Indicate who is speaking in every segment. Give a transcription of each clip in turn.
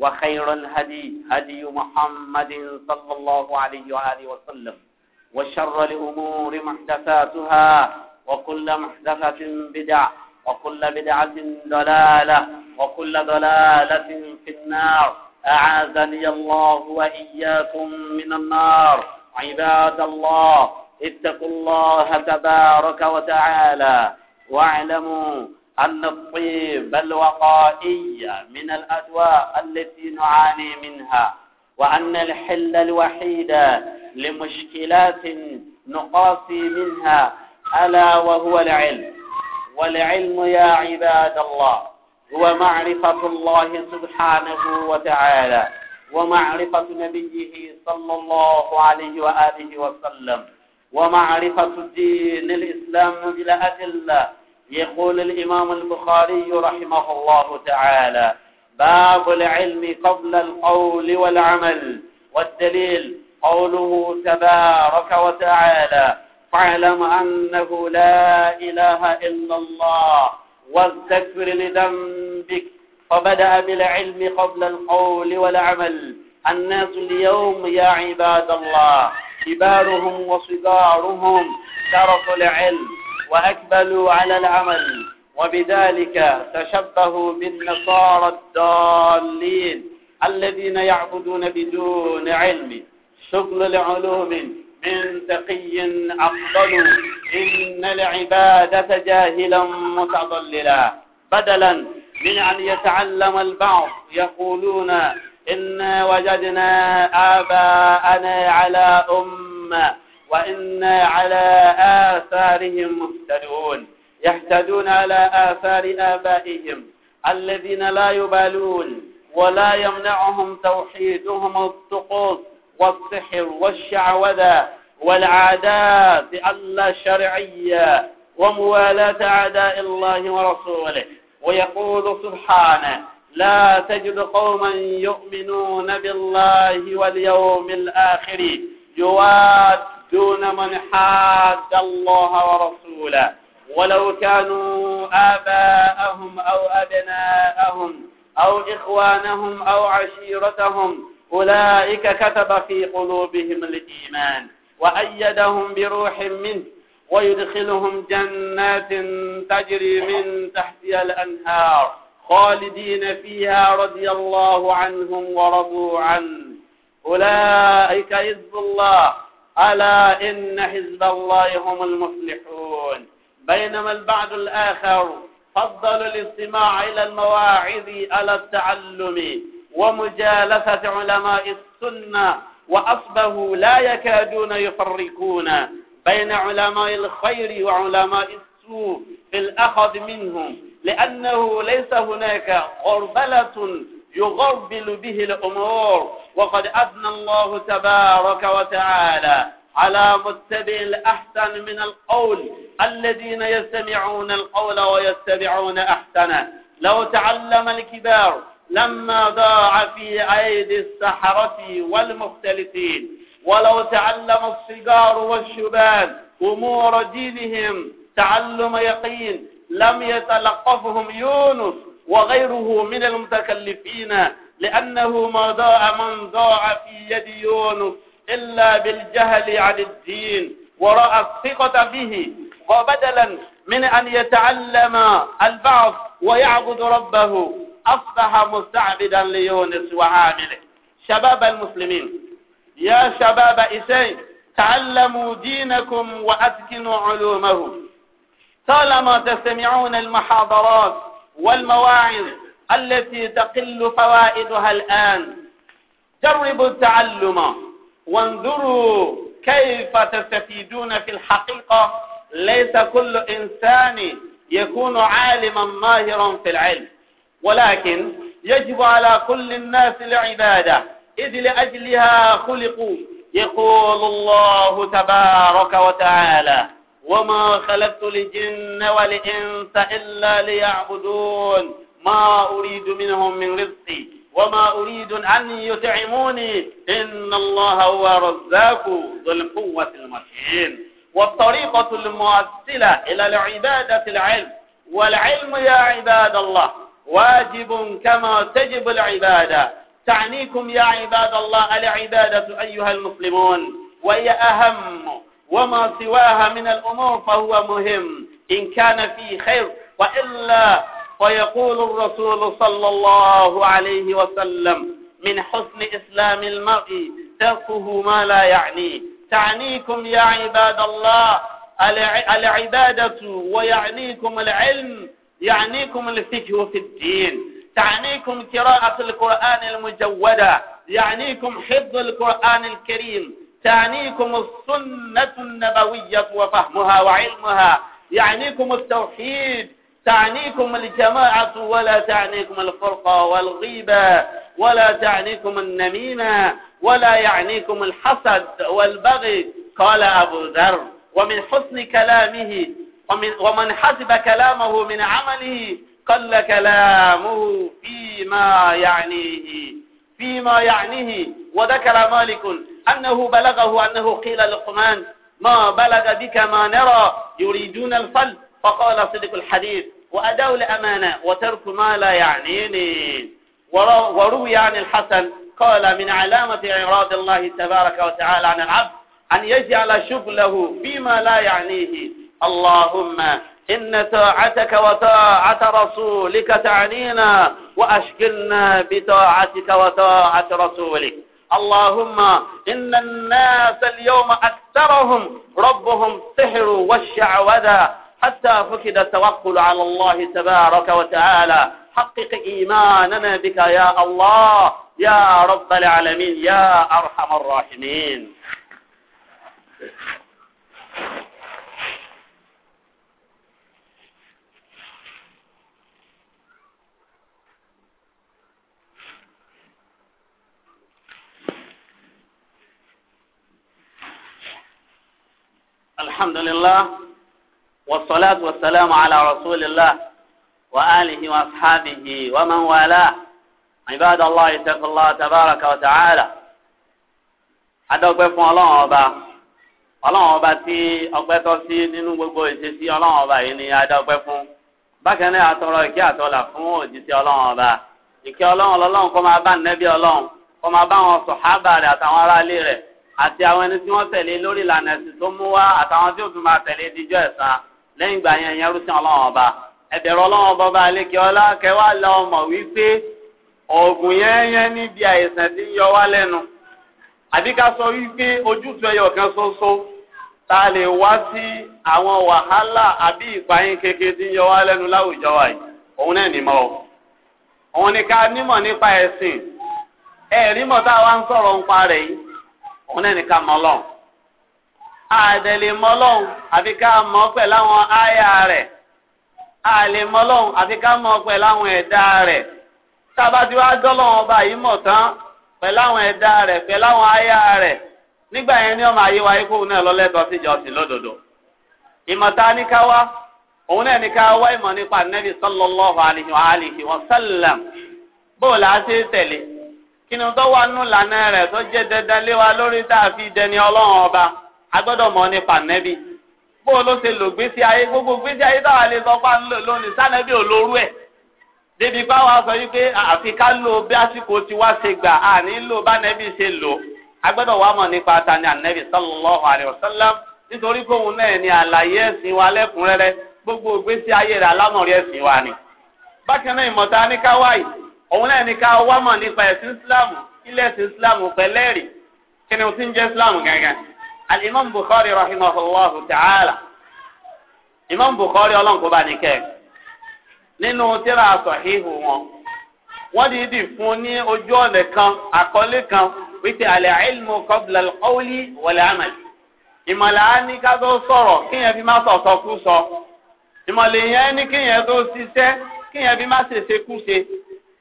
Speaker 1: وخير الهدي هدي محمد صلى الله عليه وآله وسلم وشر الأمور محدثاتها وكل محدثة بدع وكل بدعة ضلالة وكل ضلالة في النار أعاذني الله وإياكم من النار عباد الله اتقوا الله تبارك وتعالى واعلموا أن الطيب الوقائي من الأدواء التي نعاني منها وأن الحل الوحيد لمشكلات نقاسي منها ألا وهو العلم والعلم يا عباد الله هو معرفة الله سبحانه وتعالى ومعرفة نبيه صلى الله عليه وآله وسلم ومعرفة دين الإسلام بلا أدلة يقول الإمام البخاري رحمه الله تعالى باب العلم قبل القول والعمل والدليل قوله تبارك وتعالى فاعلم أنه لا إله إلا الله واذكر لذنبك فبدأ بالعلم قبل القول والعمل الناس اليوم يا عباد الله كبارهم وصغارهم شرف العلم وأكملوا على العمل وبذلك تشبهوا بالنصارى الضالين الذين يعبدون بدون علم شغل لعلوم من تقي أفضل إن العبادة جاهلا متضللا بدلا من أن يتعلم البعض يقولون إنا وجدنا آباءنا على أمة وإنا على آثارهم مهتدون يهتدون على آثار آبائهم الذين لا يبالون ولا يمنعهم توحيدهم الطقوس والسحر والشعوذة
Speaker 2: والعادات
Speaker 1: اللا شرعية وموالاة أعداء الله ورسوله ويقول سبحانه لا تجد قوما يؤمنون بالله واليوم الآخر يواد دون من حاد الله ورسوله ولو كانوا آباءهم أو أبناءهم أو إخوانهم أو عشيرتهم أولئك كتب في قلوبهم الإيمان وأيدهم بروح منه ويدخلهم جنات تجري من تحتها الأنهار خالدين فيها رضي الله عنهم ورضوا عنه
Speaker 2: أولئك
Speaker 1: إذ الله ألا إن حزب الله هم المفلحون بينما البعض الآخر فضل الاستماع إلى المواعظ على التعلم ومجالسة علماء السنة وأصبحوا لا يكادون يفرقون بين علماء الخير وعلماء السوء في الأخذ منهم لأنه ليس هناك قربلة يغربل به الأمور وقد أثنى الله تبارك وتعالى على متبع الأحسن من القول الذين يستمعون القول ويتبعون أحسنه لو تعلم الكبار لما ضاع في أيدي السحرة والمختلفين ولو تعلم الصغار والشباب أمور دينهم تعلم يقين لم يتلقفهم يونس وغيره من المتكلفين لأنه ما ضاع من ضاع في يد يونس إلا بالجهل عن الدين ورأى الثقة به وبدلا من أن يتعلم البعض ويعبد ربه أصبح مستعبدا ليونس وعامله شباب المسلمين يا شباب إسين تعلموا دينكم وأتكنوا علومه طالما تستمعون المحاضرات والمواعظ التي تقل فوائدها الآن جربوا التعلم وانظروا كيف تستفيدون في الحقيقة ليس كل إنسان يكون عالما ماهرا في العلم ولكن يجب على كل الناس العبادة إذ لأجلها خلقوا يقول الله تبارك وتعالى وما خلقت الجن والإنس إلا ليعبدون ما أريد منهم من رزقي وما أريد أن يتعموني إن الله هو رزاق ذو القوة المتين والطريقة المؤصلة إلى العبادة العلم والعلم يا عباد الله واجب كما تجب العبادة تعنيكم يا عباد الله العبادة أيها المسلمون وهي أهم وما سواها من الأمور فهو مهم إن كان فيه خير وإلا ويقول الرسول صلى الله عليه وسلم من حسن إسلام المرء تركه ما لا يعنيه تعنيكم يا عباد الله العبادة ويعنيكم العلم يعنيكم الفقه في الدين تعنيكم قراءة القرآن المجودة يعنيكم حفظ القرآن الكريم تعنيكم السنة النبوية وفهمها وعلمها يعنيكم التوحيد تعنيكم الجماعة ولا تعنيكم الفرقة والغيبة ولا تعنيكم النميمة ولا يعنيكم الحسد والبغي قال أبو ذر ومن حسن كلامه ومن, ومن حسب كلامه من عمله قل كلامه فيما يعنيه فيما يعنيه وذكر مالك أنه بلغه أنه قيل لقمان ما بلغ بك ما نرى يريدون الفلس فقال صدق الحديث وأداء الأمانة وترك ما لا يعنيني وروي عن الحسن قال من علامة إعراض الله تبارك وتعالى عن العبد أن يجعل شغله بما لا يعنيه اللهم إن طاعتك وطاعة رسولك تعنينا وأشكلنا بطاعتك وطاعة رسولك اللهم إن الناس اليوم أكثرهم ربهم سحر والشعوذة حتى فقد التوكل على الله تبارك وتعالى حقق إيماننا بك يا الله يا رب العالمين يا أرحم الراحمين الحمد لله والصلاة والسلام على رسول الله وآله وأصحابه ومن والاه عباد الله اتقوا الله تبارك وتعالى adọ́gbẹ́ fún ọlọ́run ọba ọlọ́run ọba tí ọpẹ́ tọ́ sí nínú gbogbo ìṣesí ọlọ́run ọba yìí ni adọ́gbẹ́ fún bákan náà atọ́rọ ìkí àtọ́là fún òjíṣẹ́ ọlọ́run ọba ìkí ọlọ́run ọlọ́run kó máa bá nẹ́bí ọlọ́run kó máa bá wọn sọ̀hábà rẹ̀ àtàwọn aráalé rẹ̀ àti àwọn ẹni tí wọ́n tẹ̀lé lórí ìlànà ẹ̀sìn tó mú wá àtàwọn tí ó fi máa tẹ̀lé díjọ́ ẹ̀san lẹ́yìn ìgbà yẹn yẹn rúṣin ọba ẹ̀bẹ̀rẹ̀ ọlọ́run ọba ọba àlekè kẹwàá la ọmọ wípé ọ̀gùn yẹn yẹn níbi àìsàn tí ń yọ wá lẹ́nu àbí ká sọ wípé ojútùú ẹyọ kan ṣoṣo lè wá sí àwọn wàhálà àbí kékeré òun ni ká nímọ̀ nípa ẹ̀sìn tá a wá ń sọ̀rọ̀ yìí àdẹ̀lẹ̀mọ́lọ́hùn àfi ká mọ̀ pẹ̀lú àwọn àyà rẹ̀ àlẹ̀mọ́lọ́hùn àfi ká mọ̀ pẹ̀lú àwọn ẹ̀dá rẹ̀ tábàtí wàá dọ́lọ́wọ́n ọba yìí mọ̀ tán pẹ̀lú àwọn ẹ̀dá rẹ̀ pẹ̀lú àwọn àyà rẹ̀ nígbà yẹn ni ọmọ ayé wa ikú náà lọ́lẹ́tọ̀ọ́ síjọ́sìn lódodo ìmọ̀ta ní ká wá òun náà ní ká wá ìmọ̀ nípa nẹ́bí sallallahu alaihi wa alihi wa sallam wa lórí tá a fi dẹni ọlọ́run ọba agbọ́dọ̀ mọ̀ nípa nẹ́bí bó ló ṣe lò gbésí ayé gbogbo gbésí ayé táwa lè sọ pa ńlò lónìí sànẹ́bí ò lórú ẹ̀ débi báwa sọ yí pé àfi ká lo bí àsìkò tí wá ṣe gbà á nílò bá nẹ́bí ṣe lò agbọ́dọ̀ wà mọ̀ nípa tani ànẹ́bí sallallahu alaihi wasallam nítorí pé òun náà ni àlàyé ẹ̀sìn wa lẹ́kùnrẹ́rẹ́ gbogbo gbésí ayé rẹ̀ alámọ̀rí ẹ̀sìn wa ni. bákan náà ìmọ̀ta ní ká wáyì òun náà ní ká wá mọ̀ nípa ẹ̀sìn islam ilé ẹ̀sìn islam pẹ̀lẹ́rì kí ni o ti ń jẹ́ islam gangan alimam bukhari rahimahullahu ta'ala imam bukhari ọlọ́nkọba nìkẹ́ nínú tíra sọ̀híhù wọn wọ́n di di fún ní ojú ọ̀nà kan àkọlé kan wípé al-ilmu qabla al-qawli wal-amal ìmọ̀lẹ̀ á ní ká tó sọ̀rọ̀ kíyẹn fi má sọ̀sọ̀ kú sọ ìmọ̀lẹ̀ yẹn ní kíyẹn tó ṣiṣẹ́ kíyẹn fi má ṣèṣe kú ṣe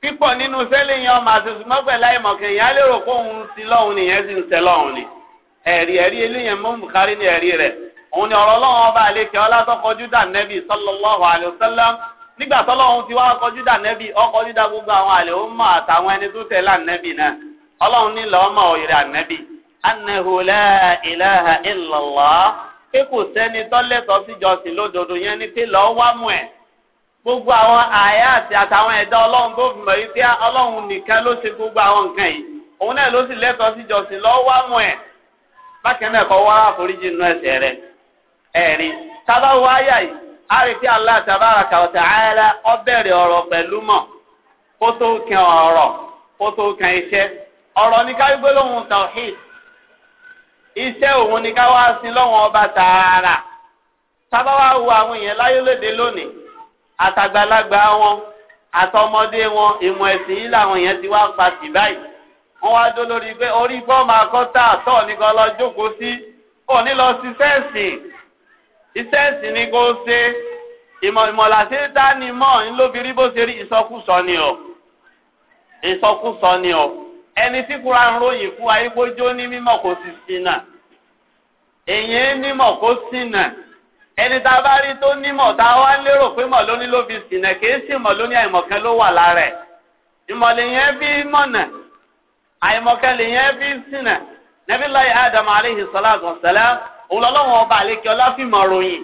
Speaker 1: pípọ̀ nínú sẹ́lẹ̀ yẹn ọmọ àṣẹṣùmọ́gbẹ̀lá ìmọ̀kẹ́yìn á lérò pé òun ti lọ́hùn nìyẹn sì ń tẹ lọ́hùn ni. ẹ̀rí ẹ̀rí eléyẹn mọ́ bùkárí ní ẹ̀rí rẹ̀ òun ni ọ̀rọ̀ ọlọ́run ọba àlekè dà nígbà ti wá dà la pé kò sẹ́ni tọ́lẹ́tọ̀ lódodo yẹn ni pé lọ́ọ́ wá mú ẹ̀ gbogbo àwọn àyà àti àtàwọn ẹ̀dá ọlọ́run tó fi mọ̀ yìí pé gbogbo àwọn nǹkan yìí òun náà ló sì lọ́ọ́ wá bákan náà kọ́ wá àforíjì nínú ẹ̀ṣẹ̀ rẹ̀ ẹ̀rí tábà wọ àyà yìí á rí tí Allah tabaraka wa ta'ala bẹ̀rẹ̀ ọ̀rọ̀ pẹ̀lú mọ̀ kó tó kan ọ̀rọ̀ kó tó kan iṣẹ́ ọ̀rọ̀ ní iṣẹ́ òun ká wá sí lọ́wọ́n ọba tààrà tábà wá wo àwọn èèyàn láyé lónìí àtàgbàlagbà wọn àtọmọdé wọn ìmọ̀ ẹ̀sìn yìí làwọn èèyàn ti wá pa sí báyìí wọ́n wá dó lórí pé orí bọ́ọ̀mù akọ́tà tọ̀ nìkan lọ jókòó sí lọ sí sẹ́ẹ̀sì ìsẹ́ẹ̀sì ni kò ṣe ìmọ̀ ìmọ̀làṣẹ dánimọ̀ ńlóbìrí bó ṣe rí ìsọkúsọ ni ọ ìsọkúsọ ni ọ ẹni tí kura ń ròyìn fún ayébójó ní mímọ̀ kò sì ṣìnà èyí nímọ̀ kó ṣìnà ẹni tá a bá rí tó nímọ̀ tá a wá lérò pé mọ̀ lóní ló fi kì í sì mọ̀ ló wà lára ẹ̀ àìmọ̀kẹ́lẹ̀ yẹn fi ń sinà nàbí láyé adam aleyhi salatu wasalam òun ọba àlékè ọlá fi mọ̀ ròyìn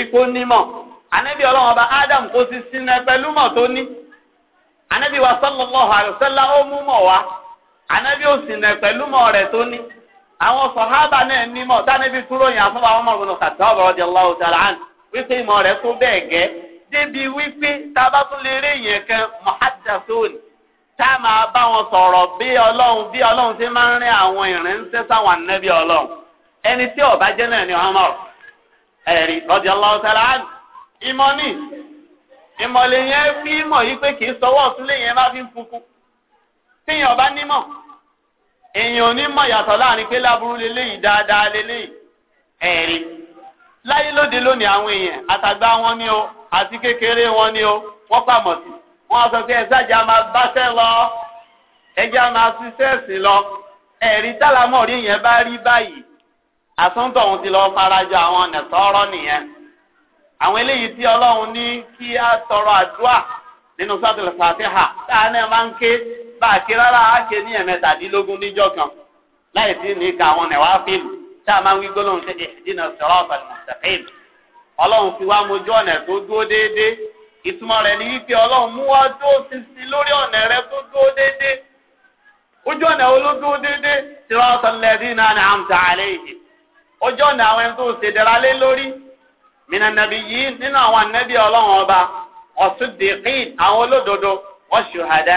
Speaker 1: ipò ọba adam kò sí sinà pẹ̀lú mọ̀ tó ní ànábì wa sallallahu alayhi ó mú mọ̀ wá ànábì ó sinà pẹ̀lú mọ̀ rẹ̀ tó ní àwọn sọ̀hábà náà tá a máa bá wọn sọ̀rọ̀ bí ọlọ́run bí ọlọ́run ti máa ń rin àwọn ìrìnsẹ́ sáwọn ànábì ọlọ́run ẹni tí ọba jẹ́ náà ni ọmọ ẹ̀rí lọ́dí ọlọ́run tẹ́lá ìmọ̀ ni ìmọ̀lẹ̀ yẹn fi mọ̀ yí pé kì í sọwọ́ sílé yẹn bá fi ń funfun téèyàn bá nímọ̀ èèyàn ò ní mọ̀ yàtọ̀ láàrin pé láburú leléyìí dáadáa leléyìí ẹ̀rí láyé lóde lónìí àwọn èèyàn àtàgbà wọn ni o àti kékeré wọn ni o wọ́n pàmọ̀ sí i wọ́n sọ pé ẹ̀sájà máa báṣẹ́ lọ ẹja máa ṣiṣẹ́ ẹ̀sìn lọ ẹ̀rí tálámọ̀ rí yẹn bá rí báyìí àtúntọ̀ òun ti lọ farajọ àwọn nẹ̀tọ́rọ́ nìyẹn àwọn eléyìí tí ọlọ́run ní kí á tọrọ àdúrà nínú fàtíhà tá a náà máa ń ké bá a ké rárá á ké ní ẹ̀mẹ́tàdínlógún níjọ́ kan láì sí ní ka àwọn fíìmù tá a máa ń wí gbólóhùn ṣe sọ̀rọ̀ ìtumọ̀ rẹ̀ ní wípé ọlọ́run mú wá dúró sinsin lórí ọ̀nà rẹ tó dúró déédéé ojú ọ̀nà wo ló dúró tí wọ́n sọ na ní àmì tààlẹ́ yìí ojú ọ̀nà àwọn ẹni tó ṣe dára lé lórí mìíràn ọba àwọn olódodo wọ́n ṣùhàdá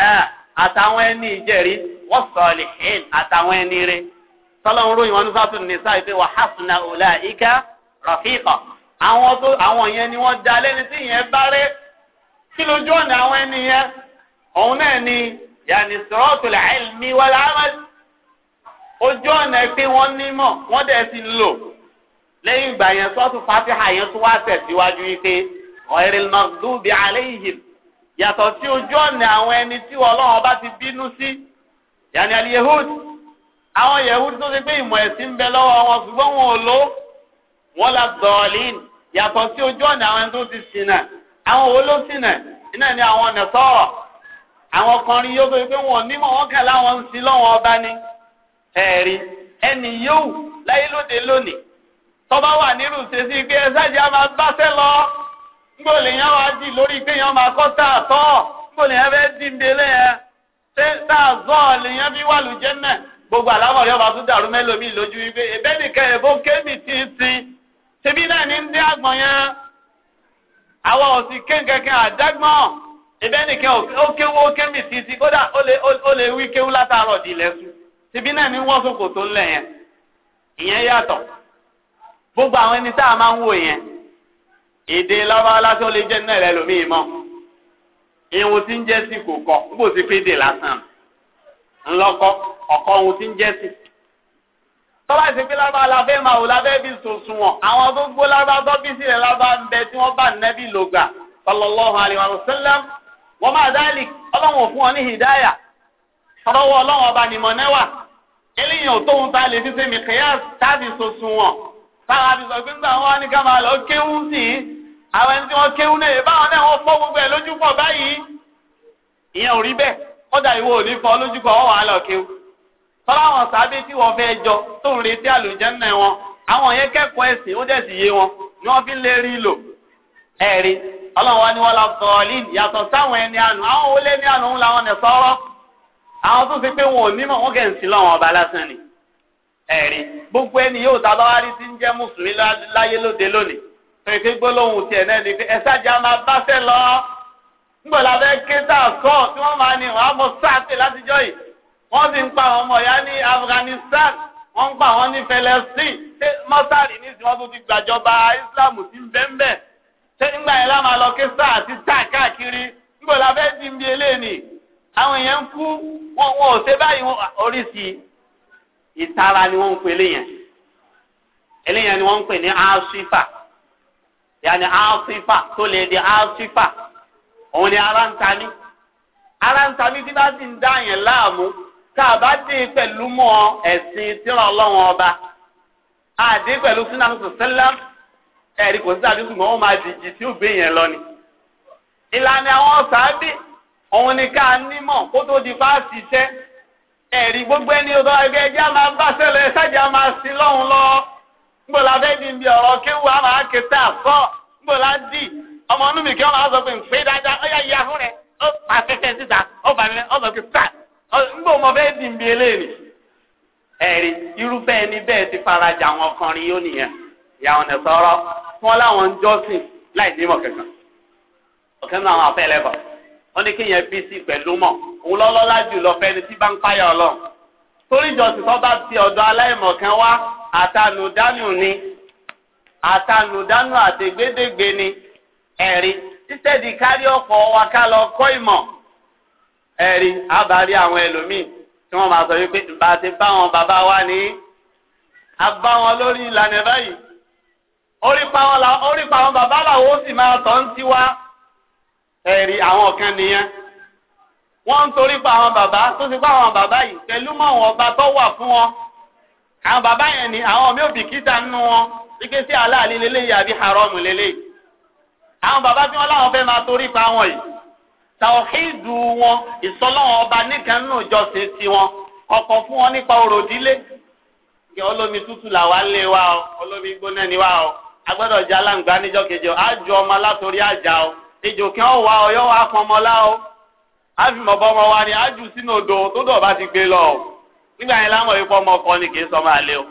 Speaker 1: àtàwọn ẹni ìjẹ́rí wọ́n àtàwọn ẹni ròyìn wọn ní sátún wà hásùnà òlà ìkà rọ̀fíkọ̀ àwọn yẹn ni wọ́n lẹ́ni tí bá kí lójú ọ̀nà àwọn ẹni yẹn òun náà ni yàní sọ̀rọ̀tò làìlmi wà láàmàlì ojú ọ̀nà pé wọ́n nímọ̀ wọ́n dẹ̀ sì ń lò lẹ́yìn ìgbà yẹn sọ́ọ̀tù fatiha yẹn tó wá tẹ̀síwájú yìí pé ọ̀rẹ́l magdubi alayhim yàtọ̀ sí ojú ọ̀nà àwọn ẹni tí ọlọ́run bá ti bínú sí yàní aliyahud àwọn yahud tó ṣe pé ìmọ̀ ẹ̀sìn bẹ lọ́wọ́ wọn ṣùgbọ́n wọn ò lò wọ́n la dọ̀ọ̀lìn yàtọ̀ sí ojú ọ̀nà àwọn ẹni tó ti sìn náà àwọn wo ló sì nà iná ni àwọn ọ̀nà sọ̀rọ̀ àwọn kọrin yóò tó pé wọn nímọ̀ wọn kà láwọn ń sin lọ́wọ́ ọba ni ẹ̀rí ẹnì yóò láyé lóde lónìí tọ́ba wà nírú ṣèṣì pé ẹ sáàjì á máa gbáṣẹ́ lọ ngbòlè yẹn wá dì lórí pé yẹn máa kọ́ tá a tọ́ ngbòlè yẹn fẹ́ dì ń délé yẹn ṣé tá zọ́ lè yẹn fi wà lùjẹ́ náà gbogbo àlámọ̀rí ọba tún dàrú mẹ́lòmíì lójú wípé ẹ̀bẹ́ nìkan ẹ̀bọ́n kémì tí ń sin ṣebí náà ní ń dé àgbọ̀n yẹn àwa ò sì ké kankan àdágbọ́n ibẹ̀ nìkan ó kéwú ó kémì sí sí kódà ó lè wí kéwú látàárọ̀ di ilẹ̀ sùn síbi náà ní wọ́n sòkò tó ń lẹ̀ yẹn ìyẹn yàtọ̀ gbogbo àwọn ẹni tá a máa ń wò yẹn èdè lọ́wọ́ lásán ó lè jẹ́ náà rẹ lómi mọ́ ìhun tí ń jẹ́ sí kò kọ́ níbo ti pé dè lásán ńlọ́kọ́ ọ̀kọ́ ohun tí ń jẹ́ sí tọ́lá ti fi lábá la fẹ́ máa wò lábẹ́ bí sòsùn wọn àwọn tó gbó lábá tó bí sílẹ̀ lábá ń bẹ tí wọ́n bá nẹ́bí lògbà sallallahu alaihi wa sallam wọ́n máa dáàlì ọlọ́wọ̀n fún ọ ní hìdáyà ọlọ́wọ́ ọlọ́wọ́n ọba nìmọ̀ nẹ́wà eléyìí ò tóun tá a lè fi ṣe mi kẹ́yà táàbì sòsùn wọn táwọn àbísọ̀ pé nígbà wọn ní ká máa lọ kéwú sí i àwọn tí wọ́n kéwú náà báwọn náà wọ́n fọ́ gbogbo ẹ̀ lójú báyìí ìyẹn ò rí bẹ́ẹ̀ kọ́dà ìwọ ò ní fọ́ lójú pọ̀ wọ́n kéwú fọláwọn sábẹ́ tí wọ́n fẹ́ jọ tó ń retí àlùjànnà wọn àwọn yẹn kẹ́kọ̀ọ́ ẹ̀sìn ó dẹ̀ sì yé wọn ni wọ́n fi ń lè rí lò ẹ̀rí ọlọ́run wa ni wọ́n la sọ̀ọ́lì yàtọ̀ sáwọn ẹni àná àwọn olè ní àná òun làwọn nẹ̀ sọ́rọ́ àwọn tó fi pé wọn ò nímọ̀ wọn kẹ́ ń sin lọ́wọ́n ọba lásán ni ẹ̀rí gbogbo ẹni yóò ta bá wá rí tí ń jẹ́ mùsùlùmí láyé lóde lónìí pé pé gbólóhùn tiẹ̀ náà ni pé ẹ̀sà jẹ́ máa bá fẹ́ lọ ńgbọ̀lá fẹ́ ké sáà sọ́ọ̀ tí wọ́n máa ní wọ́n á mọ sáà pé látijọ́ yìí wọ́n sì ń pa àwọn ọmọ ìyá ní Afghanistan wọ́n ń pa àwọn ní Palestine ṣé mọ́sálì ní ìsìn wọ́n tún ti gbàjọba Islam sí bẹ́ẹ̀nbẹ́ ṣé nígbà yẹn lá máa lọ kí sáà ti tà káàkiri nígbà la fẹ́ di ibi eléyìí àwọn èèyàn ń kú wọn wọn ò ṣe báyìí oríṣi ìtara ni wọ́n ń pè eléyẹn eléyẹn ni wọ́n ń pè ní asifa yàní asifa tó lè di asifa òun ni ara ń ta ní ara tí bá sì ń dá yẹn láàmú tàbá dín pẹ̀lú mọ́ ẹ̀sìn tíra ọlọ́run ọba àdé pẹ̀lú sunan sọ̀sẹ́lá ẹ̀rí kò sí àdínkù mọ́ wọn máa dìjì tí ó gbé yẹn lọ ni. ìlànà àwọn sàábì òun ni ká nímọ̀ kó tó di bá ṣiṣẹ́ ẹ̀rí gbogbo ẹni ọ̀dọ́ ẹgbẹ́ ẹjẹ́ a máa bá sẹ́lẹ̀ ẹ̀sájà a máa sin lọ́hùn lọ. níbo la fẹ́ di ibi ọ̀rọ̀ kéwu a máa ké tá a sọ la dì ọmọ inú mi kí wọ́n máa sọ pé ń ńgbò mo fẹ́ dì bí eléyìí ẹ̀rí irúfẹ́ ẹni bẹ́ẹ̀ ti farajà àwọn ọkùnrin yóò nìyẹn ìyàwó nẹ̀ sọ̀rọ̀ wọn láwọn ń jọ́sìn láì nímọ̀ kankan ọ̀kẹ́ náà àwọn afẹ́ lẹ́bọ̀ wọn ní yẹn bí sí pẹ̀lú mọ̀ òun lọ́lọ́lá jù lọ fẹ́ni tí bá ń torí tó bá ti ọdọ aláìmọ̀ kan wá àtanùdánù ni àtanùdánù àtẹ̀gbédègbè ni ẹ̀rí títẹ̀dí kárí ọ̀pọ̀ lọ kọ́ ìmọ̀ ẹ̀rí àbárí àwọn ẹlòmíì tí wọ́n máa sọ wípé bá ti bá wọn bàbá wa ní abá wọn lórí ìlànà báyìí orípa àwọn bàbá làwọn ó sì máa tọ́ ń tiwa ẹ̀rí àwọn kan nìyẹn wọ́n ń torí pa àwọn bàbá tó ti pa àwọn bàbá yìí pẹ̀lú mọ́ àwọn ọba tó wà fún wọn àwọn bàbá yẹn ni àwọn mi ò bìkítà nínú wọn wípé sí aláàlí lélẹ́yìí àbí haramu lélẹ́yìí àwọn bàbá tí wọ́n láwọn fẹ́ máa torí pa wọn yìí tàwọ̀hídù wọn ìsọlọ́wọ́n ọba nìkan nínú ìjọsìn tiwọn ọkàn fún wọn nípa òròdílé kí olómi tútù là lé wa o olómi gbóná ni wa o agbọ́dọ̀ jẹ́ aláǹgbá níjọ́ kejì o àjọ ọmọ látòrí àjà o ejò kí wọ́n wá ọ yọ wá fún ọmọ lá o àfìmọ̀bọ ọmọ wa ni àjù sínú odò tó dọ̀ bá ti gbé lọ o nígbà yẹn láwọn ikú ọmọ kan ni kì í sọmọ àlẹ́ o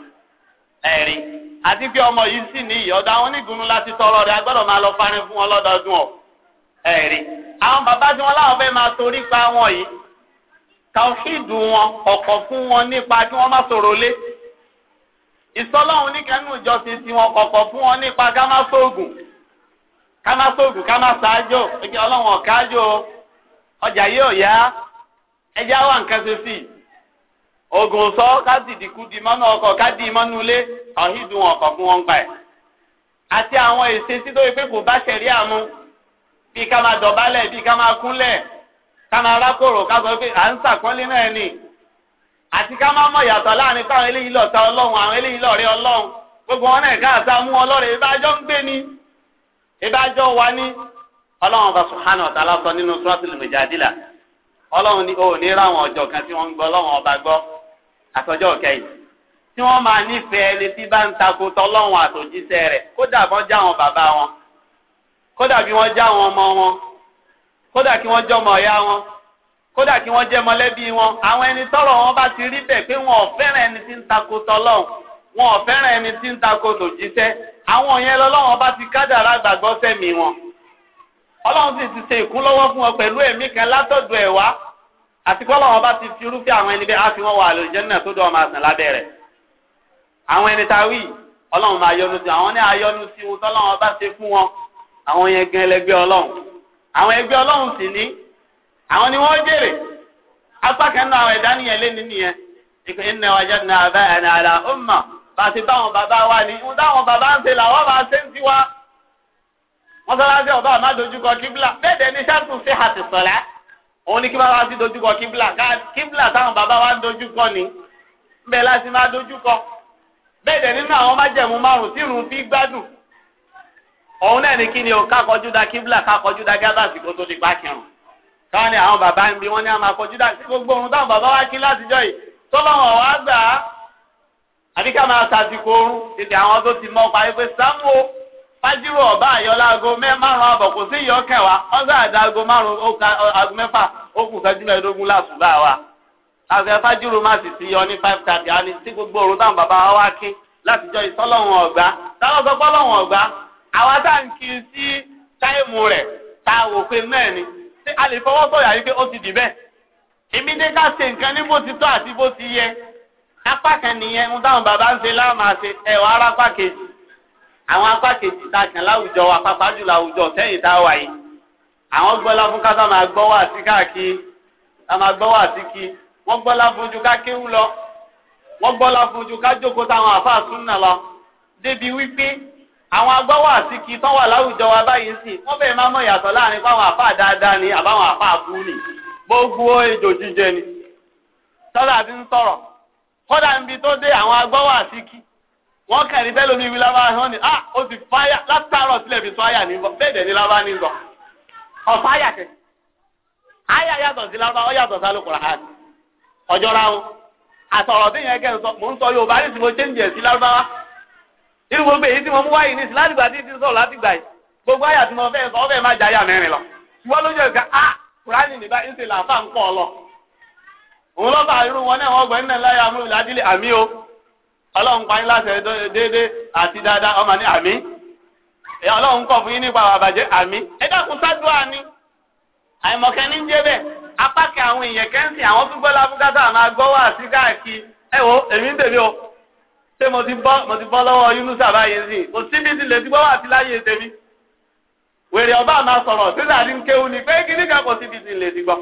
Speaker 1: ẹ̀rín àti pé ọmọ yìí sì ní ìyọ̀dọ̀ àwọn onígunnu láti tọrọ rẹ̀ agbọ́dọ̀ máa lọ farin fún wọn lọ́dọọdún ẹ̀rí àwọn bàbá tí wọ́n láwọn fẹ́ máa torí pa wọn yìí tàwíìdù wọn ọ̀kọ̀ fún wọn nípa kí wọ́n má sọ̀rọ̀ lé ìsọlọ́run níkẹ́nu ìjọsìn tí wọn kọ̀kọ̀ fún wọn nípa ká má sóògùn ká má sóògùn ká má ṣáájò ẹgbẹ́ ọlọ́run ọ̀kájò ọjà yìí ò di mọ́nú ọkọ̀ ká di mọ́nú ilé fún wọn gbà ẹ̀. àti àwọn bí ká máa dọ̀bálẹ̀ bí ká máa kúnlẹ̀ ká máa rákòrò ká sọ pé à ń sàkọ́lé náà ni àti ká máa mọ̀ yàtọ̀ láàrin káwọn eléyìí lọ̀tá ọlọ́run àwọn eléyìí lọ̀rẹ́ ọlọ́run gbogbo wọn náà káàsá mú ọlọ́rẹ̀ ìbájọ́ ń gbé ni ìbájọ́ wa ni ọlọ́run wa nínú ní bá ń takò tọ́lọ́run àtòjíṣẹ́ kódà bí wọ́n já ọmọ wọn kódà kí wọ́n jọmọ ọ̀yá wọn kódà kí wọ́n jẹ́ mọ̀lẹ́bí wọn àwọn ẹni tọ́rọ̀ wọn bá ti rí bẹ̀ pé wọn ò fẹ́ràn ẹni tí ń takò tọ́lọ́hùn wọn ò fẹ́ràn ẹni tí ń àwọn yẹn lọ́lọ́wọ́n bá ti kádàrá gbàgbọ́ sẹ́mi wọn ọlọ́run sì ti ṣe ìkúnlọ́wọ́ fún wọn pẹ̀lú ẹ̀mí kan látọ̀dọ̀ àwọn yẹn gan ẹlẹgbẹ́ Ọlọ́run àwọn ẹgbẹ́ Ọlọ́run sì ní àwọn ni wọ́n jèrè apá kan náà àwọn ẹ̀dá nìyẹn lé nínú yẹn ìpè ń nà wájà abẹ ẹnà àlà ọmọ bàtí táwọn bàbá wa ní ń táwọn bàbá ń ṣe làwọn bá ṣe ń tiwa wọn sọ láti ọba àmà dojúkọ kíbla bẹ́ẹ̀ dẹ ní sàtún sí àti sọlá òun ní kí bá wá sí dojúkọ kíbla kíbla táwọn bàbá wa ń dojúkọ ni bẹ́ẹ̀ láti má dojúkọ bẹ́ẹ̀ dẹ nínú àwọn májẹ̀mú márùn tí fi gbádùn òun náà ní kí ni o kákọjú da kíbla kákọjú da gábàsì kó tó di pákìrùn káwọn ni àwọn bàbá ń bi wọn ní àwọn akọjú da gbogbo ohun táwọn bàbá wá kí látijọ́ yìí tó bá wọn wá gbà á àbí ká máa ṣàtìkò oorun tètè àwọn tó ti mọ ọpa yìí pé sámú fájírò ọba àyọláago márùn àbọ̀ kò sí ìyọ kẹwàá wọn gbà márùn aago mẹ́fà ó kù kẹjú mẹ́ẹ̀ẹ́dógún lásùbà wa àgbẹ̀ fájírò má sì ti yọ ní five thirty àní tí gbogbo ohun táwọn bàbá wá kí látijọ́ yìí sọ́lọ́wọ̀n ọ̀gbá táwọn sọ pé ọlọ́wọ̀n àwa tá à ń kí sí táìmù rẹ̀ tá a wò pé náà ni ṣé a lè fọwọ́ sọ̀yà yìí pé ó ti dì bẹ́ẹ̀ èmi dé ká ṣe nǹkan ní bó ti tọ́ àti bó ti yẹ apá kan nìyẹn ń táwọn bàbá ń ṣe láàmà ṣe ẹ̀wọ̀n ara apá kejì àwọn apá kejì tá a kàn láwùjọ wa pàápàá jùlọ àwùjọ sẹ́yìn tá a wà yìí àwọn gbọ́lá fún ká sáà máa gbọ́ wà sí káàkiri ká máa gbọ́ wà sí kí wọ́n gbọ́lá fún ju ká kéwú lọ wọ́n gbọ́lá fún ju ká jókòó táwọn àfáà súnà lọ débi wípé àwọn agbọ́wọ́ àsìkí tán wà láwùjọ wa báyìí sí wọ́n bẹ̀rẹ̀ máa mọ̀ ìyàtọ̀ láàrin fáwọn àfáà dáadáa ni àbáwọn àfáà kú ni gbogbo ejò jíjẹ ni tọ́lá ti ń sọ̀rọ̀ kọ́dà tó dé àwọn agbọ́wọ́ wọ́n wí lábá hàn ni ah fáyà látàárọ̀ sọ àyà ní bẹ́ẹ̀ dẹ̀ lábá ní ọ̀fọ̀ àyà kẹ àyà yàtọ̀ ọ yàtọ̀ àti ọjọ́ra wọn àtọ̀rọ̀ tí yẹn kẹ́ ń sọ mò ń sọ ti mo irú gbogbo èyí tí mo mú wáyé ní sí láti gbà tí ti sọ̀rọ̀ láti yìí gbogbo àyà tí mo fẹ́ sọ ọbẹ̀ má jáyà lọ lójú a ń ṣe làǹfà ń ọ lọ. òun ló bá irú wọn náà o ọlọ́run pa yín láṣẹ déédé àti dáadáa ọmọ ní àmì fún yín nípa àmì ẹ dákun sádùá ni àìmọ̀kẹ́ ní jẹ́ bẹ́ẹ̀ apá àwọn èèyàn kẹ́ńsì àwọn tó gbọ́ ṣé mo ti bọ́ mo ti bọ́ lọ́wọ́ Yunusa báyìí sí kò síbi ti lè ti gbọ́ wà sí láyé tèmi wèrè ọba máa sọ̀rọ̀ sísà ní kéwù ni pé kíní kan kò síbi ti lè ti gbọ́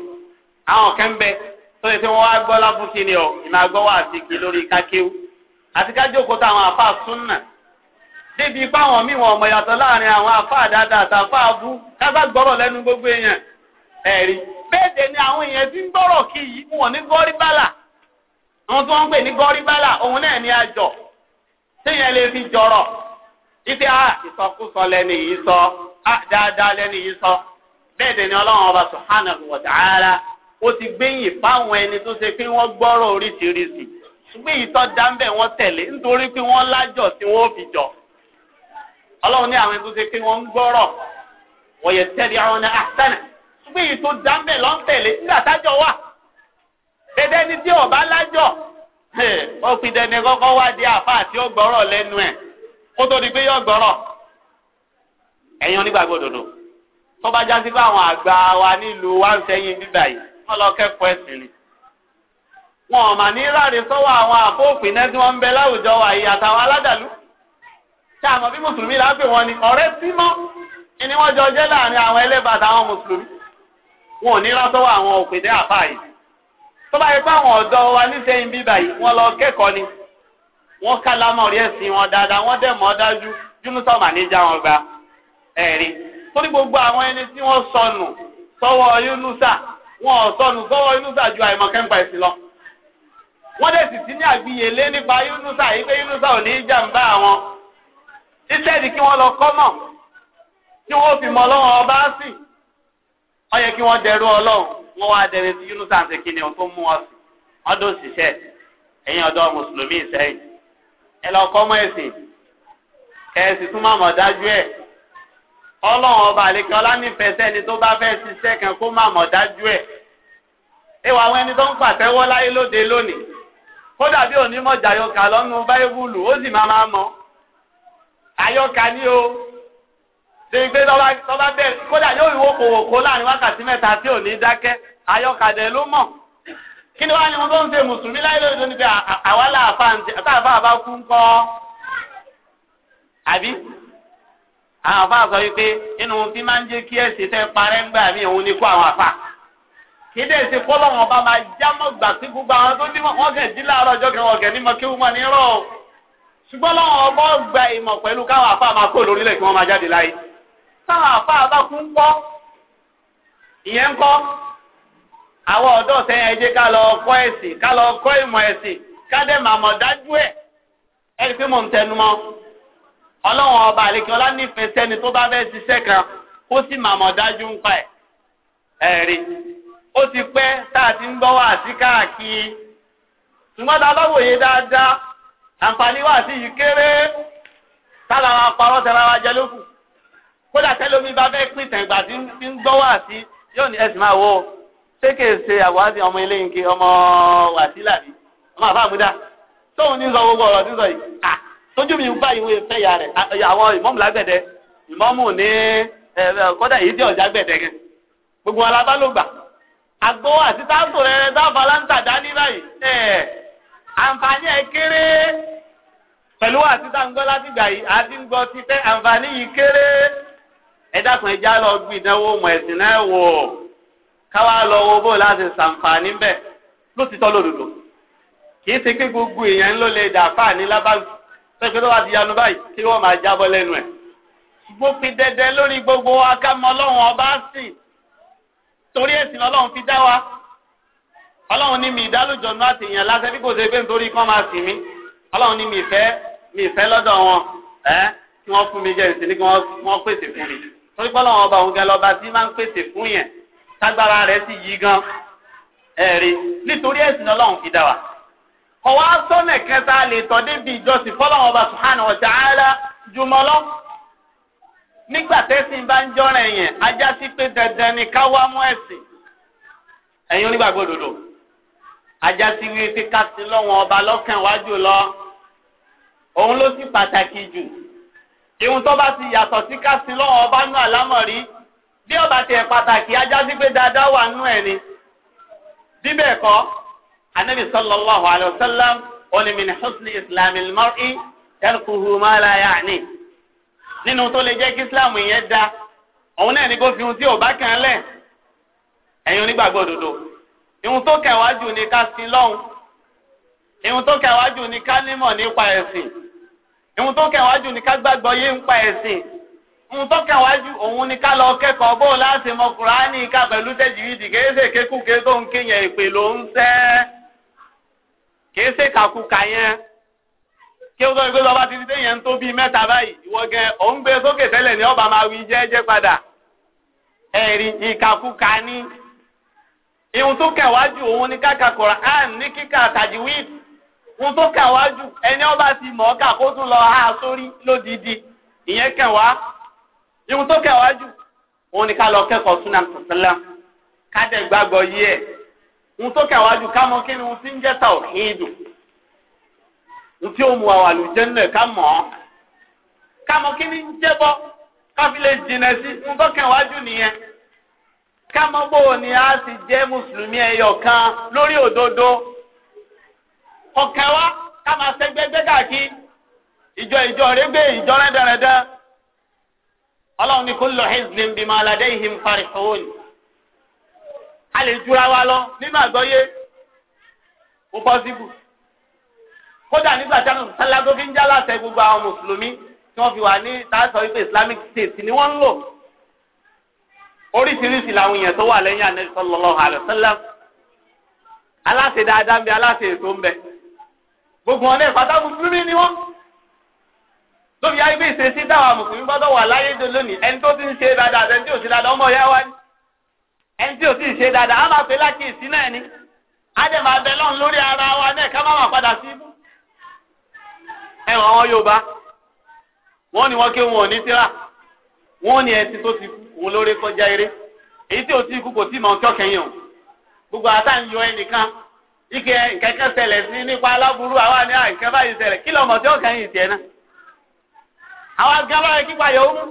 Speaker 1: àwọn kan bẹ tó yẹ kí wọ́n wá gbọ́ lábú kí ni ọ ìmọ̀ àgbọ́ wà sí kí lórí ká kéwù àti ká jókòó táwọn àfa súnà débi ipá àwọn míì wọn ọmọ yàtọ̀ láàrin àwọn àfa àdáadáa àtàfà abú kásá gbọ́rọ̀ lẹ́nu gbogbo èèyàn ẹ̀rí bẹ́ẹ̀ ni àwọn èèyàn ti ń gbọ́rọ̀ kí yìí wọn ní gọ́rí bálà àwọn tí wọ́n ń pè ní gọ́rí bálà òun náà ni àjọ téèyàn lè fi jọrọ ife a ah, ìsọkúsọ lẹ yìí sọ a ah, dáadáa lẹ yìí sọ bẹ́ẹ̀ ni Ọlọ́run ọba subhanahu wa ta'ala ó ti gbẹ̀yìn fáwọn ẹni tó ṣe pé wọ́n gbọ́rọ̀ oríṣiríṣi ṣùgbọ́n èyí tó wọ́n tẹ̀lé nítorí pé wọ́n tí Ọlọ́run ní àwọn ẹni tó ṣe pé wọ́n àwọn àtẹnà ṣùgbọ́n ó fi dẹni kọ́kọ́ wá di àfa àti ó lẹ́nu ẹ̀ kó tó di pé yóò gbọ́rọ̀ ẹ̀yin onígbàgbọ́ òdodo tó bá já sí àwọn àgbà wa nílùú wa ń sẹ́yìn bíbà yìí wọ́n lọ kẹ́kọ̀ọ́ ẹ̀sìn ni wọn ò mà ní ráre sọ́wọ́ àwọn àfóòfin wa yìí àtàwọn aládàlú ṣé àmọ́ bí mùsùlùmí là pè ni ọ̀rẹ́ ni wọ́n jọ jẹ́ láàrin àwọn ẹlẹ́bàá àtàwọn mùsùlùmí wọn ò ní rá sọ́wọ́ tó bá yẹ pé àwọn ọ̀dọ́ wa nísẹ̀yìn bíbà yìí wọ́n lọ kẹ́kọ̀ọ́ ni wọ́n ká lámọ̀rí ẹ̀sìn wọn dáadáa wọ́n dẹ̀ mọ́ dájú júnúsọ̀ màníjà wọn gba ẹ̀rí torí gbogbo àwọn ẹni tí wọ́n sọnù sọ́wọ́ yúnúsà wọn ò sọnù sọ́wọ́ yúnúsà ju àìmọ̀kẹ́ńpà ẹ̀sìn lọ wọ́n dẹ̀ sì ti ní àgbìyèlé nípa yúnúsà yìí pé yúnúsà ò ní í jàǹbá àwọn iṣẹ́ ni kí wọ́n lọ kọ́ mọ̀ tí wọ́n fi mọ ọlọ́run ọba sí ọ yẹ kí wọ́n dẹrú ọlọ́run wọ́n wá dẹni tí yunus àti kìnìún tó mú ọ sí ọdún òṣìṣẹ́ ẹ̀yin ọ̀dọ́ mùsùlùmí sẹ́yìn ẹ lọ kọ́ mọ́ ẹ̀sìn kẹ̀sì tún máa mọ̀ dájú ẹ̀ ọlọ́run ọba àlekẹ́ ọlánìfẹ́ sẹ́ni tó bá fẹ́ ṣiṣẹ́ kan kó máa mọ̀ dájú ẹ̀ ìwà àwọn ẹni tó ń pàtẹ́wọ́ láyé lóde lónìí kódà bí onímọ̀ jàyọkà lọ́nu báyìbùlù ó sì máa máa mọ̀ àyọkà ni o. ṣe gbé lọ́ba bẹ̀rẹ̀ kódà yóò wíwó kòwòkó láàrin wákàtí mẹ́ta tí ò ní dákẹ́ ayọ́kadẹ ló mọ̀ kí ni wàá ní wọn tó ń ṣe mùsùlùmí láyé lórí tó ní pé àwa ń àtàfà àbí àwọn àfà sọ fi máa ń jẹ́ kí ẹ̀sìn parẹ́ ń gbà mí òun ní kó àwọn àfà dé ṣe kọ́ máa já mọ́ gbà sí gbogbo àwọn tó ní wọ́n kẹ̀ láàárọ̀ ọjọ́ táwọn àfa bá kú ń kọ́ ìyẹn ń kọ́ àwọn ọ̀dọ́ sẹ́yìn ẹ̀jẹ̀ ká lọ kọ́ ẹ̀sìn ká lọ kọ́ ìmọ̀ ẹ̀sìn ká dẹ̀ mà mọ̀ dájú ẹ̀ ẹ̀rí pé mò ń tẹnu mọ́ ọlọ́run ọba àlekí ọlá nífẹ̀ẹ́ sẹ́ni tó bá fẹ́ ṣiṣẹ́ kan ó sì mà mọ̀ dájú ń pa ẹ̀ ẹ̀rí ó ti pẹ́ tá a ti ń gbọ́ wá sí káàkiri ṣùgbọ́n tá a bá wòye dáadáa àǹfààní wá sí yìí kéré tá a làwọn apá ọlọ́tẹ̀ rárá jẹ lókùn kódà tẹlómi bá fẹ́ pín tẹ̀ ìgbà tí ń gbọ́ wá sí yóò ní ẹ̀sìn máa wọ ṣé kèé ṣe àwáṣe ọmọ eléyìnke ọmọ wàsílà ni ọmọ àfa àmúdá tóun ní sọ gbogbo ọ̀rọ̀ tí ń sọ yìí à tójú mi ń bá ìwé fẹ́ ya rẹ̀ àwọn ìmọ̀mù lágbẹ̀dẹ ìmọ̀mù ní kódà èyí tí ọ̀já gbẹ̀dẹ gẹ̀ gbogbo alábá ló gbà àgbo àti táàtò rẹ̀ dáàbò aláǹtàdá ní báyìí ẹ̀ àǹfààní ẹ̀ kéré pẹ̀lú àti táǹgọ́ láti yìí àti ń gbọ́ ti fẹ́ àǹfààní yìí kéré ẹ dákun ẹ já lọ gbé ìdánwò mọ ẹ̀sìn náà wò káwá lọ wo bó láti ṣàǹfààní bẹ ló ti tọ́ lòdòdò kì í ṣe pé gbogbo èèyàn ló lè dà fà ní lábàlù pẹ́pẹ́ tó bá ti yanu báyìí kí wọ́n máa jábọ́ lẹ́nu ẹ̀. mo fi dẹdẹ lórí gbogbo wa ká mọ ọlọ́run ọba sìn torí ẹ̀sìn ọlọ́run fi dá wa ọlọ́run ní mi ìdálójọ náà ti yàn lásán bí kò ṣe pé nítorí kán máa sìn mí ọlọ́run ní mi ìfẹ́ mi ìfẹ́ lọ́dọ̀ wọn ẹ kí wọ́n fún mi jẹ́ ìsìn ní kí wọ́n pèsè fún mi torí pé ọlọ́run ọba òun gan lọ́ba tí máa ń pèsè fún yẹn tágbára rẹ̀ sì yí gan ẹ̀rí nítorí ẹ̀sìn ọlọ́run fi dá wa. kọ̀wá sọ́nà kẹta lè tọ́ débi ìjọsìn fọlọ́run ọba subhanahu wa ta'ala jùmọ̀ nígbà tẹ́sìn bá ń jọ́ra ẹ̀yẹn ajá sí pé dandan ni ká wá mú ẹ̀sìn. ẹ̀yin onígbàgbọ́ òdodo ajá sí wí pé ká sin lọ́wọ́n ọba lọ́kàn wájú lọ. òun ló sì pàtàkì jù ìhun tó bá ti yàtọ̀ sí kásìn lọ́wọ́ ọba nú àlámọ̀rí bí ọba tiẹ̀ pàtàkì ajá sí pé dáadáa wà nú ẹ̀ ni bíbẹ̀ kọ́ anabi sallallahu alayhi wa sallam oni min husni islam ilmọ́rí tẹ́lifùhù máa la yà ni nínú tó lè jẹ́ kí islam yẹn da òun náà ni kó fi ohun tí ò bá lẹ̀ ẹ̀yin onígbàgbọ́ òdodo ìhun tó kẹwàá jù ni ká lọ́hùn ìhun tó kẹwàá jù ni ká nípa ẹ̀sìn ìhun tó kẹwàájú ni ká gbàgbọ́ yé ń pa ẹ̀sìn ìhun tó kẹwàájú òun ni ká lọ kẹ́kọ̀ọ́ bó láti mọ kùránì ká pẹ̀lú tẹ̀jìrìdì kéésè kékùké tó ń kéyàn èpè ló ń tẹ́ kéésè kàkùkà yẹn kí ó tó gbé lọ́ba títí téèyàn ń tó bíi mẹ́ta báyìí ìwọ gan òun gbé sókè tẹ́lẹ̀ ní ọba máa wí jẹ́jẹ́ padà ẹ̀rí ìkàkùkà ni ìhun tó kẹwàájú òun ni ká ka ní kíkà tàjìwìd ohun tó kàn wá ẹni ọba ti mọ̀ ọ́ kó tún lọ há sórí lódìdí ìyẹn kàn wá tó kàn òun ni ká lọ kẹ́kọ̀ọ́ súnà sọ̀tẹ́lá ká dẹ̀ yí ẹ̀ ohun tó kàn ká mọ̀ kí ni ohun tí ń jẹ́ tàwhídù ohun tí ó mu àwọn ká ká kí ni ń ká fi lè sí tó nìyẹn ká bó a ti mùsùlùmí ẹyọ kan lórí òdodo. ọ̀kẹ́ wa ká máa sẹ́gbẹ́gbẹ́ káàkiri ìjọ ìjọ rẹ́gbẹ́ ìjọ rẹ́dẹ̀rẹ́dẹ́ ọlọ́run ní kullu hizbin bima ladayhim farihun a lè jura wa lọ nínú àgbọ́yé ó pọ́sibù kódà nígbà tí àwọn sálágógí ń já láṣẹ gbogbo àwọn mùsùlùmí tí wọ́n fi wà ní tààtọ̀ wípé Islamic State ni wọ́n ń lò oríṣiríṣi làwọn èèyàn tó wà lẹ́yìn Ànábì sallallahu alaihi wasallam aláṣẹ dáadáa ń bẹ aláṣẹ èso ń bẹ gbogbo wọn náà pátá mùsùlùmí ni wọn lórí ayé bí ìṣesí táwa mùsùlùmí gbọ́dọ̀ wà láyé dé lónìí ẹni tó ti ń ṣe dáadáa ẹni tí ò sí dáadáa ọmọ ìyá wa ni ẹni tí ò sí ṣe dáadáa á máa pè lákìsí náà ni á dẹ̀ máa bẹ lọ́run lórí ara wa náà ká má máa padà sí ibú ẹ̀wọ̀n àwọn Yorùbá wọ́n ní wọ́n ké wọn ò ní síra wọ́n ní ẹtí tó ti kú lórí kọjá eré èyí tí ò sí ikú kò tí ì mọ̀ ọ́n tí ọ̀kẹ́yìn o gbogbo àtàǹyọ ẹnìkan ike nkẹkẹ ṣẹlẹ̀ sí nípa aláburú àwa ní àǹkẹ ah, báyìí ṣẹlẹ̀ kí lọmọ tí ó kẹyìn tiẹ̀ náà àwa gan báyìí kípa yòówù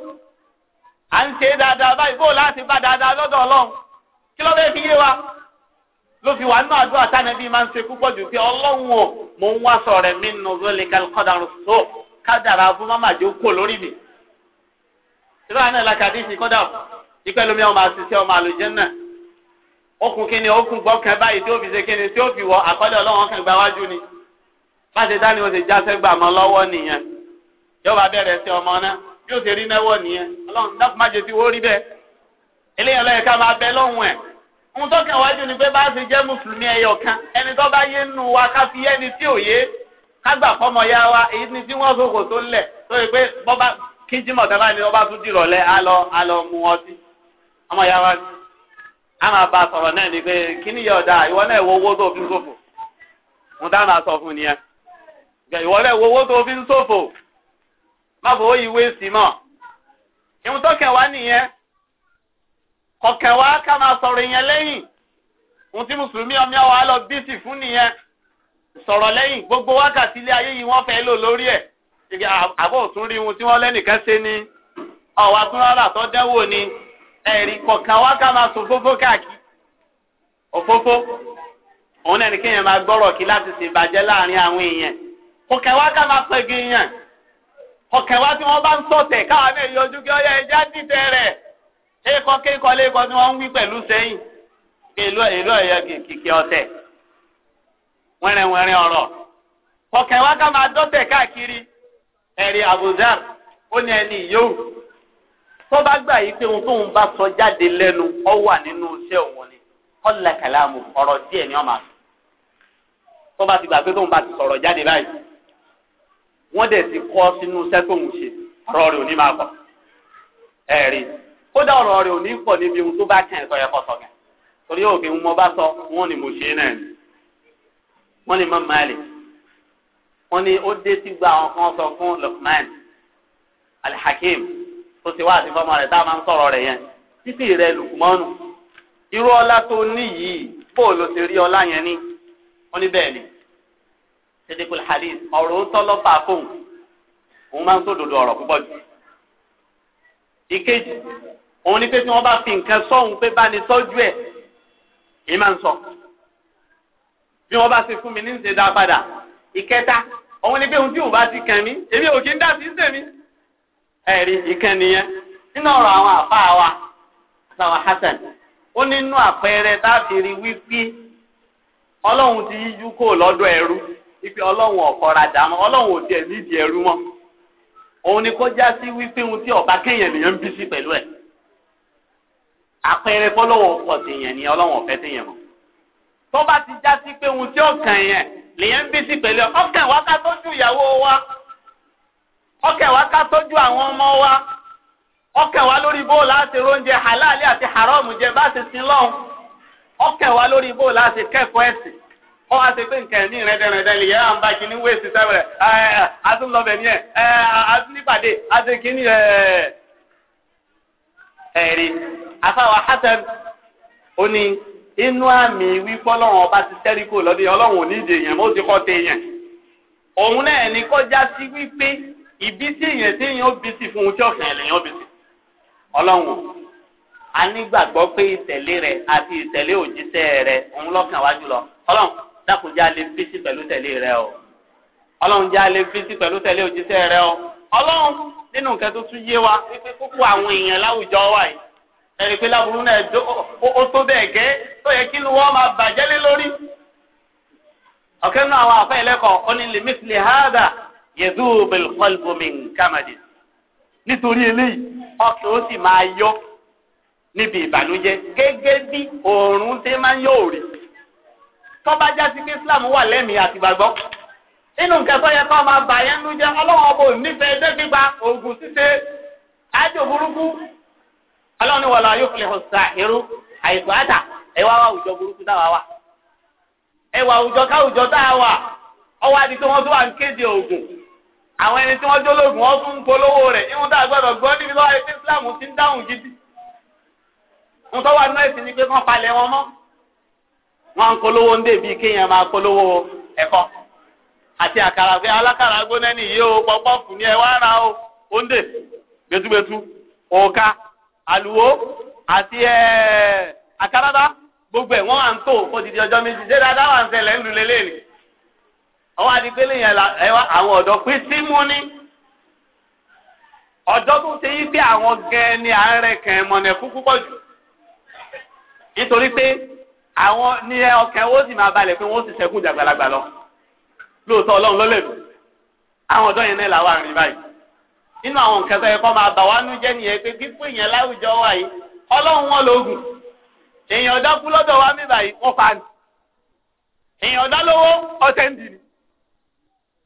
Speaker 1: à ń ṣe dáadáa báyìí bó láti bá dáadáa lọ́dọ̀ Ọlọ́run kí ló fẹ́ fi yé wa ló fi wà nínú àdúrà tánàbí máa ń ṣe púpọ̀ jù pé Ọlọ́run o mò ń wá sọ rẹ mí nù lórí kọdàrú tó kádàrá fún mọ́mà jẹ́ kó lórí mi. ìlú àná ìlàkàdé ìsìn kọ́dà ìpẹ́ lómi ọmọ àṣìṣe ọmọ àlùjẹ́ náà okùn kínní okùn gbọ́kàn báyìí tí ó fi ṣe kínní tí ó fi wọ àkọlé ọlọ́wọ́n kan gba wájú ni báṣe dání o ti jáṣẹ́ gbà mọ́ lọ́wọ́ nìyẹn yóò bá bẹ̀rẹ̀ sí ọmọ náà bí ó ṣe rí náwó nìyẹn ọlọ́run dákun má jẹ́ ti wó rí bẹ́ẹ̀ eléyàn lọ́yẹ̀ ká máa bẹ lọ́hùn ẹ̀ ohun tó kàn wájú ni pé bá ṣe jẹ́ mùsùlùmí ẹyọ kan ẹni tó bá yé nu wa ká fi ẹni tí ò yé ká gbà fọmọ ya wa èyí ni tí wọ́n sòkò tó lẹ̀ tó yẹ pé bọ́bá kíjímọ̀ tẹ́lá ni wọ́n bá tún dìrọ̀lẹ́ á lọ á lọ mu ọtí ọmọ ya wa ni. a ma bá sọrọ náà ni pé kí ni yẹ ìwọ náà owó tó fi ń ṣòfò mo dáná sọ fún nìyẹn ìwọ náà owó tó fi ń ṣòfò má fowó yìí wé sí mọ́ ìwọ̀n tó kẹ̀ wá nìyẹn kọ̀kẹ́ wá ká máa sọrọ yẹn lẹ́yìn ohun tí mùsùlùmí ọmọ fún nìyẹn gbogbo wákàtí ilé ayé yìí lò lórí rí ni ni. ẹ̀rí kọ̀ọ̀kan wá ká máa sòfófó káàkiri òfófó òun náà ní máa gbọ́rọ̀ kí láti ṣe láàrin àwọn èèyàn kọ̀ọ̀kan wá ká máa pẹ̀gì èèyàn kọ̀ọ̀kan wá tí wọ́n bá ń sọ̀tẹ̀ káwọn náà yọjú kí ọyọ ẹja dìtẹ̀ rẹ̀ kéèkọ́ kéèkọ́ léèkọ́ tí pẹ̀lú sẹ́yìn ẹ̀yọ kìkì ọ̀tẹ̀ ọ̀rọ̀ kọ̀ọ̀kan wá ká máa dọ́tẹ̀ káàkiri tó bá gbà yìí pé ohun tóun bá sọ jáde lẹ́nu ọ wà nínú iṣẹ́ òun ni kọ́lá kàlámù ọ̀rọ̀ díẹ̀ ni wọ́n máa sọ tó bá ti gbà pé tóun bá ti sọ̀rọ̀ jáde báyìí wọ́n dẹ̀ ti kọ́ sínú iṣẹ́ tóun ṣe ọ̀rọ̀ rẹ̀ ò ní máa pọ̀ ẹ̀rí kódà ọ̀rọ̀ rẹ̀ ò ní pọ̀ níbi ohun tó bá kàn ẹ̀ sọ yẹ kọ́ sọ kàn torí òfin mo bá sọ wọ́n ni mo ṣe náà ni wọ́n ni Al-Hakim tó ti wá àti fọmọ rẹ̀ tá a máa ń sọ̀rọ̀ rẹ̀ yẹn títí rẹ̀ lùkùmọ́nù irú ọlá tó ní yìí bó ló ti rí ọlá yẹn ní wọn ní bẹ́ẹ̀ ni ṣèdèkùn hadith ọ̀rọ̀ ń tọ́ lọ́fà fóun òun máa ń sódòdó ọ̀rọ̀ púpọ̀ jù ìkejì òun ni pé tí wọ́n bá fi nǹkan sọ́hun pé bá ní tọ́jú ẹ̀ èyí máa ń sọ bí wọ́n bá ti fún mi ní ìṣẹ̀dá padà ìkẹta òun ni pé ohun tí òun bá ti kàn mí èmi ò kí ń dá sí sèmi. ẹ̀rí ìkànnìyàn nínú ọ̀rọ̀ àwọn àfáà wa àtàwọn hasan ó nínú àpẹẹrẹ láti rí wípé ọlọ́run ti yíjú lọ́dọ̀ ẹrú wípé ọlọ́run ọ̀kọ́ra dàmọ́ ọlọ́run ò tiẹ̀ nídìí ẹrú mọ́ òun ni kó sí wípé ohun tí ọba kéèyàn nìyẹn ń bí pẹ̀lú ẹ̀ àpẹẹrẹ fọlọ́wọ́ ni ọlọ́run ọ̀fẹ́ ọkẹwà ká tọ́jú àwọn ọmọ wa ọkẹ lórí bó láti róúnjẹ halali àti haram jẹ bá ti sin lọ́hùn lórí bó láti ọ wá pé nǹkan lè yẹ à ń bá kíní wé sí kíní afáwa hasan ó ní inú àmì wípọ́ lọ́wọ́n ọba ti tẹ́rí kò lọ́dún ọlọ́run ò ní ìdè yẹn mo ti ìbísí èèyàn tí èèyàn bí sí fún ohun tí ẹ̀ lèèyàn ó ọlọ́run a nígbàgbọ́ pé ìtẹ̀lé rẹ àti ìtẹ̀lé òjíṣẹ́ rẹ òun lọ́kàn wá jùlọ ọlọ́run dákunjẹ́ alẹ́ bísí pẹ̀lú tẹ̀lé rẹ o ọlọ́run jẹ́ bísí pẹ̀lú tẹ̀lé òjíṣẹ́ rẹ o ọlọ́run nínú nǹkan tó yé wa wípé kókó àwọn èèyàn láwùjọ wà yìí yezubel kọlbomin kamadi nítorí eléyìí ọkàn ó sì máa yọ níbi ìbànújẹ́ bí oòrùn ṣe máa ń yọ òrì tọ́ba pé islam wà lẹ́mìí àti gbàgbọ́ inú nǹkan tó yẹ kó máa bà yẹn nú jẹ́ ọlọ́run ọbọ nífẹ̀ẹ́ ẹgbẹ́ gbígba oògùn ṣíṣe ájò burúkú ọlọ́run wọlé ayé òfin ẹ̀hún sàhírú àìsàn burúkú táwa wà káwùjọ táwa àwọn ẹni tí wọ́n jólógun wọ́n tún ń polówó rẹ̀ ìwọ̀n tá a gbọ́dọ̀ gbọ́ níbi lọ́wọ́ ẹgbẹ́ Islam ti ń dáhùn gidi. ń tọ́ wà nọ́ọ̀sì ni pé kán palẹ̀ wọn mọ́. wọ́n ń polówó ń dè bíi kéèyàn máa polówó ẹ̀kọ́. àti àkàrà pé alákàrà gbóná ni ìyé o pọpọ́ kù ní ẹ wá ra ó ń dè gbẹtugbẹtu òòka àlùwò àti àkàràdá gbogbo ẹ̀ wọ́n wà ń tò odidi ọjọ́ méjì ọwọ́ adigbélé yẹn la ẹ wá àwọn ọ̀dọ́ pín sí mú ní ọ̀dọ́ tó ṣe yí pé àwọn gẹ́ẹ́ ni àárẹ̀ kẹ̀ mọ̀ nẹ̀kú púpọ̀ jù nítorí pé àwọn ní ọkàn ó sì máa balẹ̀ pé wọ́n sì ṣẹ́gun jàgbàlagbà lọ lóòótọ́ ọlọ́run ló lẹ̀dùn àwọn ọ̀dọ́ yẹn náà làwọn àrìn báyìí nínú àwọn nǹkan tó yẹ kó máa bà wá nú jẹ́ nìyẹn pé pípé yẹn láwùjọ wà yìí ọlọ́run wọn lóògùn èèyàn ọ̀dọ́ kú lọ́dọ̀ wa mí báyìí wọ́n pa ni èèyàn ọ̀dọ́ lówó ọ̀sẹ̀ ń dì ní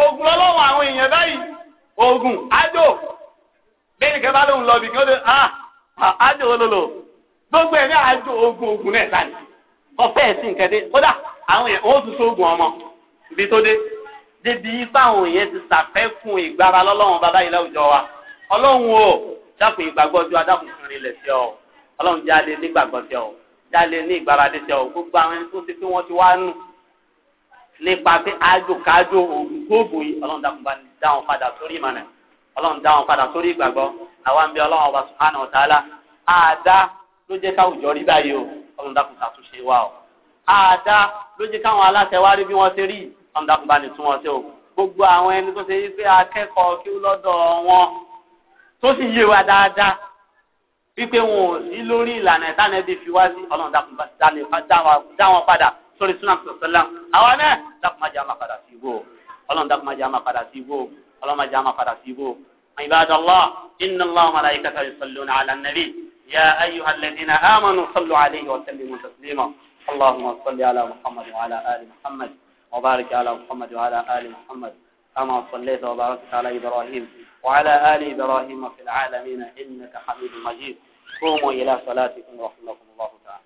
Speaker 1: ogun ọlọ́wọ́ àwọn èèyàn báyìí ogun ajo bẹ́ẹ̀ nìkan bá lóun lọ bí kí wọ́n lè ah ájò ah, olólo gbogbo ẹ̀ ní ájò ogun ogun náà sáà ní ọ̀fẹ́ ẹ̀sìn kẹ́dé kódà àwọn èèyàn ó tún sóògùn ọmọ ibi tó dé débi ipá àwọn èèyàn ti sàfẹ́kùn ìgbára lọ́lọ́run bàbá yìí láwùjọ wa ọlọ́run o dákun ìgbàgbọ́ ju adákun kan rí lẹ̀ sí ọ ọlọ́run jáde nígbàgbọ́ sí ọ jáde ní ìgbára dé sí ọ gbogbo àwọn ẹni tó ti pé wọ́n ti wá nù nípa pé ajokájo ògùn gbogbo yìí ọlọ́run dàkún bá dáhùn padà sórí ìmọ̀nà ọlọ́run dáhùn padà sórí ìgbàgbọ́ àwa ń bẹ ọlọ́run ọba subhanahu wa ta'ala àdá ló jẹ́ káwùjọ rí báyìí o ọlọ́run dàkún ṣàtúnṣe wa o àdá ló jẹ́ káwọn aláṣẹ wá rí bí wọ́n ṣe rí ọlọ́run dàkún bá ní tún wọn ṣe o gbogbo àwọn ẹni tó ṣe yí pé akẹ́kọ̀ọ́ kí ó lọ́dọ̀ wọn tó sì yé wa dáadáa wípé wọn ò sí lórí ìlànà ìtànẹ́bí fi wá sí ọlọ́run dàkún dá wọn padà sórí sunan sọ̀sọ́lá àwa náà dak máa padà sí ibò ọlọ́run dákùmájà máa padà sí ibò ọlọ́run májà máa padà sí ibò. ibadallah inna Allaha malaikatahu yusalluna ala nabi ya ayyuhal ladhina amanu sallu alayhi wa sallimu taslima allahumma salli ala muhammad wa ala ali muhammad wa barik ala muhammad wa ala ali muhammad كما صليت وباركت على إبراهيم وعلى آل Ibrahim في العالمين إنك حميد majid. قوموا إلى صلاتكم رحمكم الله تعالى